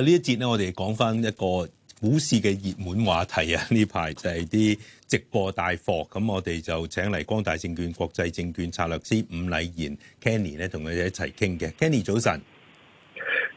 呢一節咧，我哋講翻一個股市嘅熱門話題啊！呢排就係啲直播帶貨，咁我哋就請嚟光大證券、國際證券策略師伍禮賢 Kenny 咧，同佢哋一齊傾嘅。Kenny 早晨。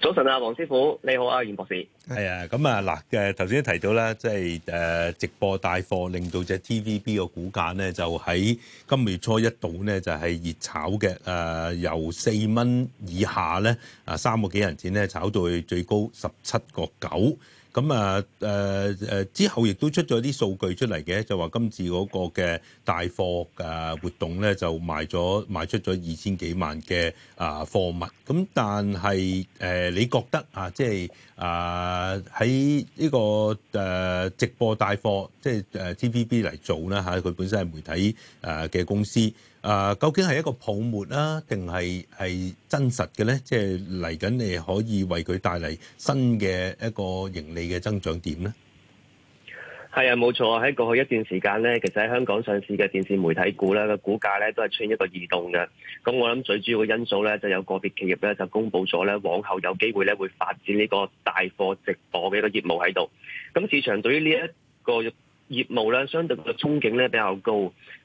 早晨啊，黃師傅，你好啊，袁博士。係啊，咁啊嗱，誒頭先提到啦，即係誒直播帶貨令到隻 T V B 個股價咧，就喺今月初一度咧，就係熱炒嘅誒，由四蚊以下咧，啊三個幾銀錢咧，炒到去最高十七個九。咁啊誒、啊啊啊啊、之後亦都出咗啲數據出嚟嘅，就話今次嗰個嘅帶貨啊活動咧，就賣咗賣出咗二千幾萬嘅啊貨物。咁但係誒，你覺得啊，即係啊喺呢、啊呢個誒、啊、直播帶貨，即係誒 TVB 嚟做啦嚇，佢、啊、本身係媒體誒嘅公司。誒，究竟係一個泡沫啦，定係係真實嘅咧？即係嚟緊誒，可以為佢帶嚟新嘅一個盈利嘅增長點咧？係啊，冇錯啊！喺過去一段時間咧，其實喺香港上市嘅電視媒體股咧嘅股價咧，都係出現一個異動嘅。咁我諗最主要嘅因素咧，就有個別企業咧就公佈咗咧，往後有機會咧會發展呢個帶貨直播嘅一個業務喺度。咁市場對於呢一個業務咧，相對嘅憧憬咧比較高。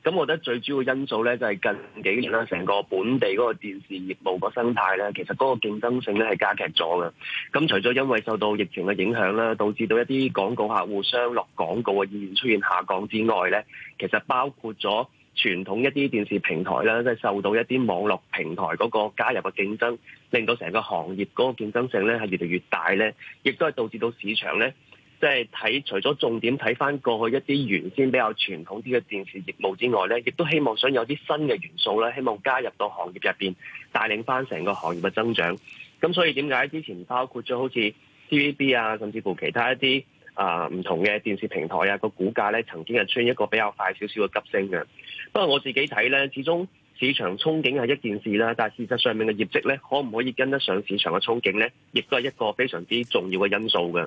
咁，我覺得最主要因素咧，就係近幾年啦，成個本地嗰個電視業務個生態咧，其實嗰個競爭性咧係加劇咗嘅。咁除咗因為受到疫情嘅影響啦，導致到一啲廣告客戶相落廣告嘅意願出現下降之外咧，其實包括咗傳統一啲電視平台咧，即係受到一啲網絡平台嗰個加入嘅競爭，令到成個行業嗰個競爭性咧係越嚟越大咧，亦都係導致到市場咧。即係睇，除咗重點睇翻過去一啲原先比較傳統啲嘅電視業務之外呢，亦都希望想有啲新嘅元素呢，希望加入到行業入邊，帶領翻成個行業嘅增長。咁所以點解之前包括咗好似 TVB 啊，甚至乎其他一啲啊唔同嘅電視平台啊，個股價呢，曾經係出現一個比較快少少嘅急升嘅。不過我自己睇呢，始終。市場憧憬係一件事啦，但係事實上面嘅業績咧，可唔可以跟得上市場嘅憧憬咧，亦都係一個非常之重要嘅因素嘅。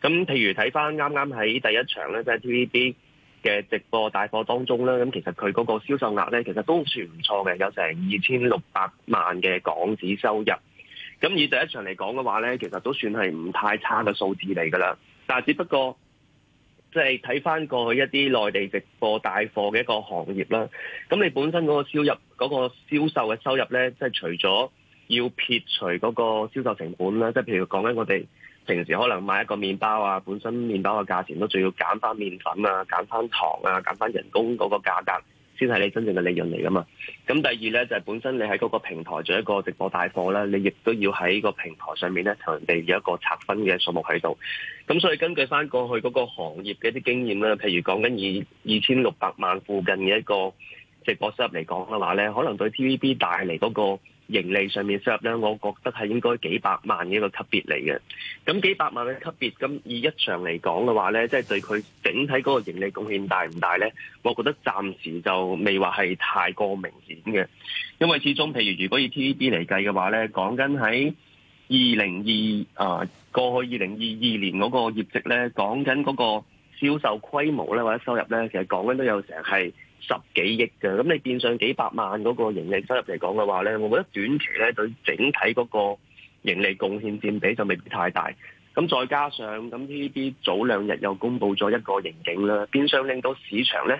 咁譬如睇翻啱啱喺第一場咧，即係 TVB 嘅直播帶貨當中咧，咁其實佢嗰個銷售額咧，其實都算唔錯嘅，有成二千六百萬嘅港紙收入。咁以第一場嚟講嘅話咧，其實都算係唔太差嘅數字嚟噶啦。但係只不過。即係睇翻過去一啲內地直播帶貨嘅一個行業啦，咁你本身嗰個銷入嗰個銷售嘅收入咧，即係除咗要撇除嗰個銷售成本啦，即係譬如講緊我哋平時可能買一個麵包啊，本身麵包嘅價錢都仲要減翻麵粉啊、減翻糖啊、減翻人工嗰個價格。先係你真正嘅利潤嚟噶嘛？咁第二咧就係、是、本身你喺嗰個平台做一個直播帶貨咧，你亦都要喺個平台上面咧同人哋有一個拆分嘅數目喺度。咁所以根據翻過去嗰個行業嘅一啲經驗咧，譬如講緊二二千六百萬附近嘅一個直播收入嚟講嘅話咧，可能對 TVB 帶嚟嗰個。盈利上面收入咧，我覺得係應該幾百萬嘅一個級別嚟嘅。咁幾百萬嘅級別，咁以一場嚟講嘅話咧，即係對佢整體嗰個盈利貢獻大唔大咧？我覺得暫時就未話係太過明顯嘅，因為始終譬如如果以 TVB 嚟計嘅話咧，講緊喺二零二啊過去二零二二年嗰個業績咧，講緊嗰個銷售規模咧或者收入咧，其實講緊都有成日係，十幾億嘅，咁你變相幾百萬嗰個盈利收入嚟講嘅話呢，我覺得短期呢對整體嗰個盈利貢獻佔比就未必太大。咁再加上咁呢啲早兩日又公布咗一個盈警啦，變相令到市場呢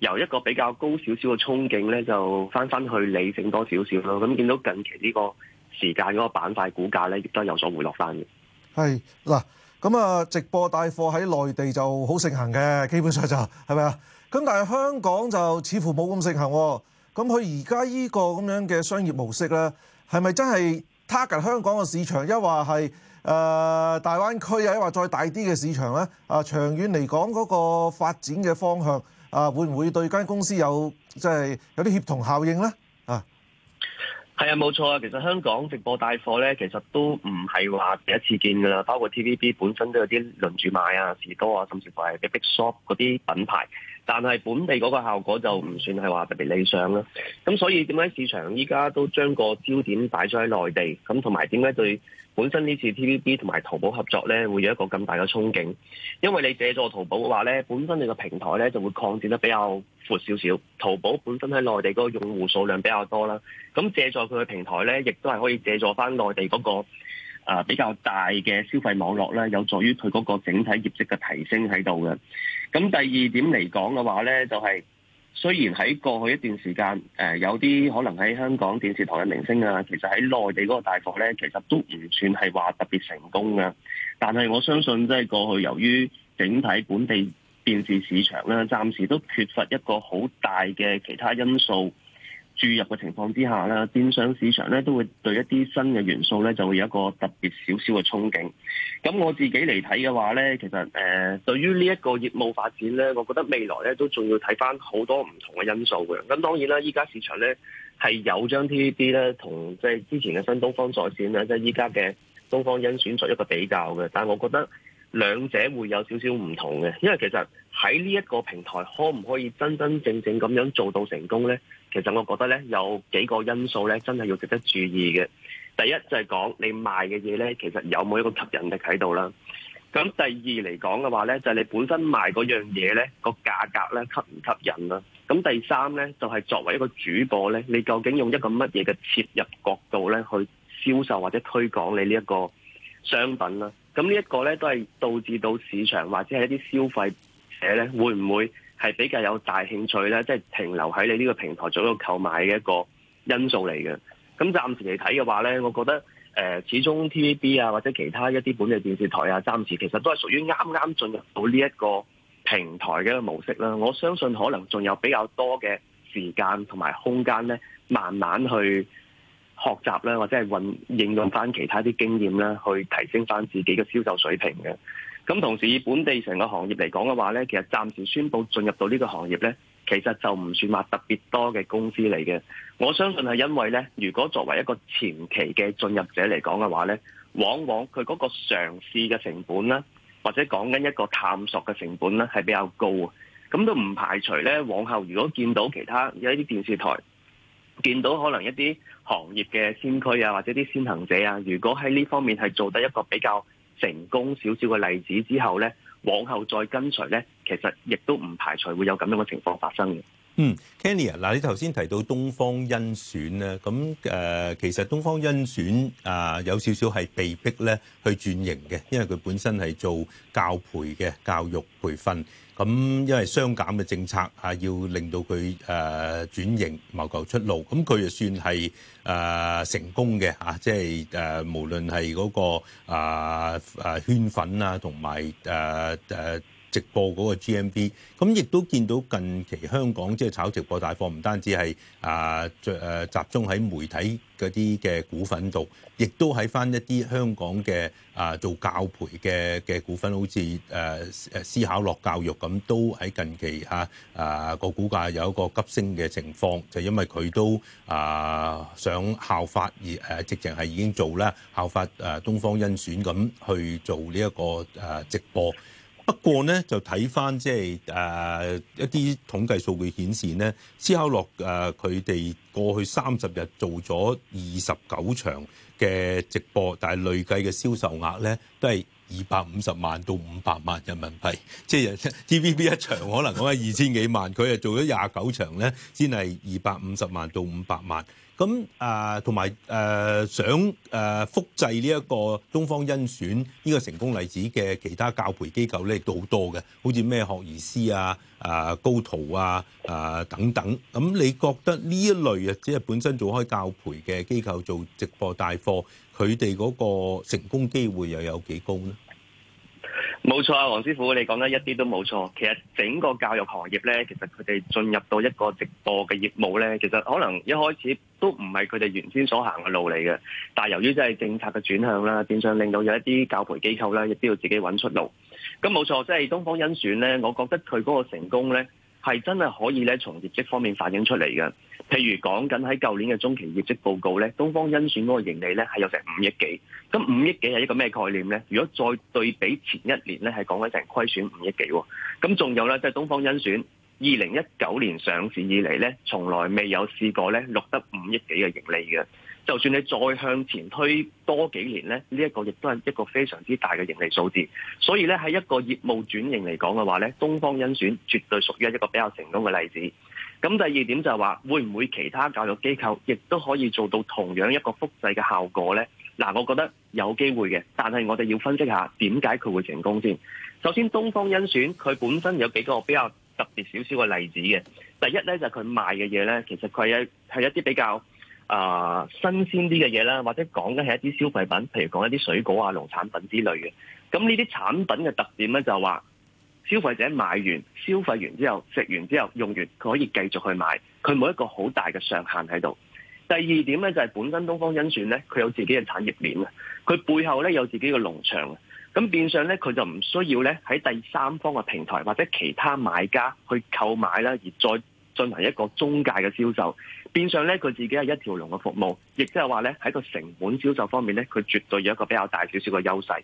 由一個比較高少少嘅憧憬呢就翻翻去理性多少少咯。咁見到近期呢個時間嗰個板塊股價呢，亦都有所回落翻嘅。係嗱，咁啊直播帶貨喺內地就好盛行嘅，基本上就係咪啊？咁但係香港就似乎冇咁盛行喎。咁佢而家呢個咁樣嘅商業模式咧，係咪真係 target 香港嘅市場？一話係誒大灣區啊，一話再大啲嘅市場咧。啊，長遠嚟講嗰個發展嘅方向啊，會唔會對間公司有即係、就是、有啲協同效應咧？係啊，冇錯啊！其實香港直播帶貨呢，其實都唔係話第一次見㗎啦。包括 TVB 本身都有啲輪住賣啊、士多啊，甚至乎係 Big Shop 嗰啲品牌。但係本地嗰個效果就唔算係話特別理想啦。咁所以點解市場依家都將個焦點擺咗喺內地？咁同埋點解對？本身呢次 T V B 同埋淘寶合作咧，會有一個咁大嘅憧憬，因為你借助淘寶嘅話咧，本身你個平台咧就會擴展得比較闊少少。淘寶本身喺內地嗰個用戶數量比較多啦，咁借助佢嘅平台咧，亦都係可以借助翻內地嗰個啊比較大嘅消費網絡咧，有助於佢嗰個整體業績嘅提升喺度嘅。咁第二點嚟講嘅話咧，就係、是。雖然喺過去一段時間，誒、呃、有啲可能喺香港電視台嘅明星啊，其實喺內地嗰個大火呢，其實都唔算係話特別成功啊。但係我相信即係過去由於整體本地電視市，市場呢、啊，暫時都缺乏一個好大嘅其他因素。注入嘅情況之下啦，電商市場咧都會對一啲新嘅元素咧就會有一個特別少少嘅憧憬。咁我自己嚟睇嘅話咧，其實誒、呃、對於呢一個業務發展咧，我覺得未來咧都仲要睇翻好多唔同嘅因素嘅。咁當然啦，依家市場咧係有將 TVB 咧同即係之前嘅新東方在線啦，即係依家嘅東方甄選作一個比較嘅。但係我覺得兩者會有少少唔同嘅，因為其實喺呢一個平台可唔可以真真正正咁樣做到成功咧？其實我覺得咧，有幾個因素咧，真係要值得注意嘅。第一就係講你賣嘅嘢咧，其實有冇一個吸引力喺度啦。咁第二嚟講嘅話咧，就係你本身賣嗰樣嘢咧，個價格咧吸唔吸引啦。咁第三咧，就係作為一個主播咧，你究竟用一個乜嘢嘅切入角度咧，去銷售或者推廣你呢一個商品啦。咁呢一個咧，都係導致到市場或者係一啲消費者咧，會唔會？係比較有大興趣咧，即係停留喺你呢個平台做一個購買嘅一個因素嚟嘅。咁暫時嚟睇嘅話咧，我覺得誒，始終 TVB 啊或者其他一啲本地電視台啊，暫時其實都係屬於啱啱進入到呢一個平台嘅一個模式啦。我相信可能仲有比較多嘅時間同埋空間咧，慢慢去學習啦，或者係運應用翻其他啲經驗啦，去提升翻自己嘅銷售水平嘅。咁同時，以本地成個行業嚟講嘅話呢，其實暫時宣布進入到呢個行業呢，其實就唔算話特別多嘅公司嚟嘅。我相信係因為呢，如果作為一個前期嘅進入者嚟講嘅話呢，往往佢嗰個嘗試嘅成本啦，或者講緊一個探索嘅成本呢，係比較高。咁都唔排除呢，往後如果見到其他有一啲電視台，見到可能一啲行業嘅先驅啊，或者啲先行者啊，如果喺呢方面係做得一個比較成功少少嘅例子之後咧，往後再跟隨咧，其實亦都唔排除會有咁樣嘅情況發生嘅。嗯，Kenny 啊，嗱，你頭先提到東方甄選咧，咁誒，其實東方甄選啊，有少少係被逼咧去轉型嘅，因為佢本身係做教培嘅教育培訓。咁因為雙減嘅政策啊，要令到佢誒轉型謀求出路，咁佢就算係誒成功嘅，即係誒無論係嗰個啊圈粉啊，同埋誒直播嗰個 G M V，咁亦都見到近期香港即係、就是、炒直播帶貨唔單止係啊，誒集中喺媒體嗰啲嘅股份度，亦都喺翻一啲香港嘅啊做教培嘅嘅股份，好似誒誒思考落教育咁，都喺近期嚇誒個股價有一個急升嘅情況，就因為佢都啊想效法而誒、啊、直情係已經做啦效法誒東方甄選咁去做呢、這、一個誒、啊、直播。不過呢，就睇翻即係誒一啲統計數據顯示呢，思考樂誒佢哋過去三十日做咗二十九場嘅直播，但係累計嘅銷售額呢，都係，二百五十萬到五百萬人民幣，即係 TVB 一場可能講係二千幾萬，佢誒做咗廿九場咧，先係二百五十萬到五百萬。咁誒同埋誒想誒、呃、複製呢一個東方甄選呢個成功例子嘅其他教培機構咧，亦都好多嘅，好似咩學而思啊、誒高途啊、誒、啊啊、等等。咁你覺得呢一類啊，即係本身做開教培嘅機構做直播帶貨，佢哋嗰個成功機會又有幾高呢？冇錯啊，黃師傅，你講得一啲都冇錯。其實整個教育行業呢，其實佢哋進入到一個直播嘅業務呢，其實可能一開始都唔係佢哋原先所行嘅路嚟嘅。但係由於即係政策嘅轉向啦，變相令到有一啲教培機構呢，亦都要自己揾出路。咁冇錯，即係東方甄選呢，我覺得佢嗰個成功呢，係真係可以咧，從業績方面反映出嚟嘅。譬如講緊喺舊年嘅中期業績報告咧，東方甄選嗰個盈利咧，係有成五億幾。咁五億幾係一個咩概念咧？如果再對比前一年咧，係講緊成虧損五億幾。咁仲有咧，即係東方甄選二零一九年上市以嚟咧，從來未有試過咧，錄得五億幾嘅盈利嘅。就算你再向前推多幾年咧，呢、這、一個亦都係一個非常之大嘅盈利數字。所以咧喺一個業務轉型嚟講嘅話，咧，東方甄選絕對屬於一個比較成功嘅例子。咁第二點就係話，會唔會其他教育機構亦都可以做到同樣一個複製嘅效果呢？嗱，我覺得有機會嘅，但係我哋要分析下點解佢會成功先。首先，東方甄選佢本身有幾個比較特別少少嘅例子嘅。第一咧就佢、係、賣嘅嘢咧，其實佢係係一啲比較。啊、呃，新鮮啲嘅嘢啦，或者講緊係一啲消費品，譬如講一啲水果啊、農產品之類嘅。咁呢啲產品嘅特點咧，就係話消費者買完、消費完之後、食完之後、用完，佢可以繼續去買，佢冇一個好大嘅上限喺度。第二點咧，就係本身東方甄選咧，佢有自己嘅產業鏈啊，佢背後咧有自己嘅農場，咁變相咧佢就唔需要咧喺第三方嘅平台或者其他買家去購買啦，而再，進行一個中介嘅銷售，變相咧佢自己係一條龍嘅服務，亦即係話咧喺個成本銷售方面咧，佢絕對有一個比較大少少嘅優勢。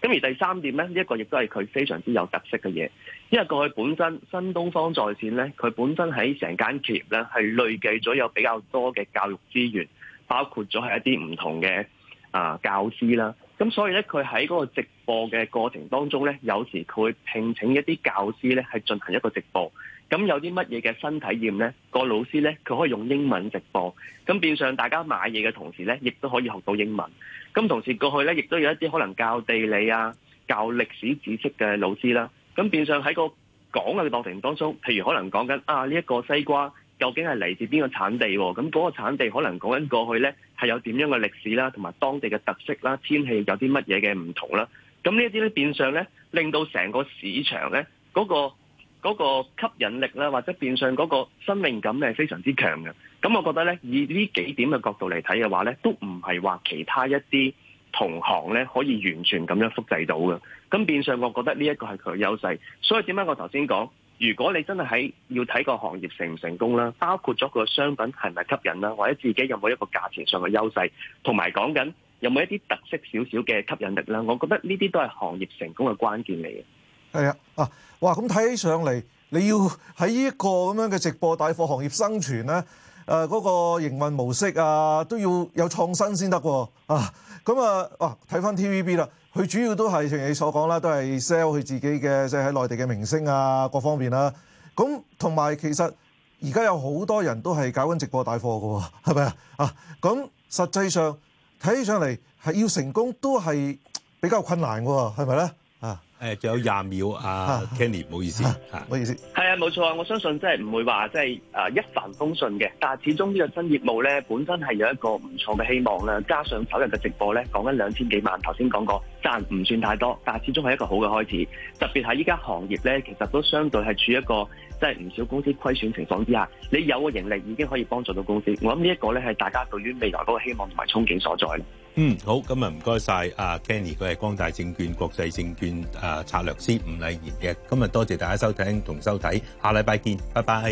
咁而第三點咧，一個亦都係佢非常之有特色嘅嘢，因為過去本身新東方在線咧，佢本身喺成間企業咧係累計咗有比較多嘅教育資源，包括咗係一啲唔同嘅啊、呃、教師啦。咁所以咧，佢喺嗰個直播嘅過程當中咧，有時佢會聘請一啲教師咧，係進行一個直播。咁有啲乜嘢嘅新體驗咧？個老師咧，佢可以用英文直播，咁變相大家買嘢嘅同時咧，亦都可以學到英文。咁同時過去咧，亦都有一啲可能教地理啊、教歷史知識嘅老師啦。咁變相喺個講嘅過程當中，譬如可能講緊啊呢一個西瓜。究竟係嚟自邊個產地？咁嗰個產地可能講緊過去呢係有點樣嘅歷史啦，同埋當地嘅特色啦，天氣有啲乜嘢嘅唔同啦。咁呢一啲呢變相呢，令到成個市場呢，嗰、嗰個、嗰個吸引力啦，或者變相嗰個生命感呢，係非常之強嘅。咁我覺得呢，以呢幾點嘅角度嚟睇嘅話呢，都唔係話其他一啲同行呢可以完全咁樣複製到嘅。咁變相我覺得呢一個係佢優勢。所以點解我頭先講？如果你真係喺要睇個行業成唔成功啦，包括咗個商品係咪吸引啦，或者自己有冇一個價錢上嘅優勢，同埋講緊有冇一啲特色少少嘅吸引力啦，我覺得呢啲都係行業成功嘅關鍵嚟嘅。係啊，啊，哇！咁睇起上嚟，你要喺呢一個咁樣嘅直播帶貨行業生存咧，誒、啊，嗰、嗰個營運模式啊，都要有創新先得喎。啊，咁啊，哇、啊，睇翻 TVB 啦。佢主要都係，正如你所講啦，都係 sell 佢自己嘅，即係喺內地嘅明星啊，各方面啦、啊。咁同埋其實而家有好多人都係搞緊直播帶貨㗎喎，係咪啊？啊，咁實際上睇起上嚟係要成功都係比較困難嘅喎，係咪咧？誒，仲有廿秒，啊 Kenny，唔好意思，唔好意思，係啊，冇錯啊，我相信真係唔會話，真係誒一帆風順嘅。但係始終呢個新業務咧，本身係有一個唔錯嘅希望啦。加上首日嘅直播咧，講緊兩千幾萬，頭先講過賺唔算太多，但係始終係一個好嘅開始。特別係依家行業咧，其實都相對係處於一個即係唔少公司虧損情況之下，你有個盈利已經可以幫助到公司。我諗呢一個咧係大家對於未來嗰個希望同埋憧憬所在。嗯，好，今日唔該曬，阿 Kenny 佢係光大證券國際證券啊策略師伍禮賢嘅，今日多謝大家收聽同收睇，下禮拜見，拜拜。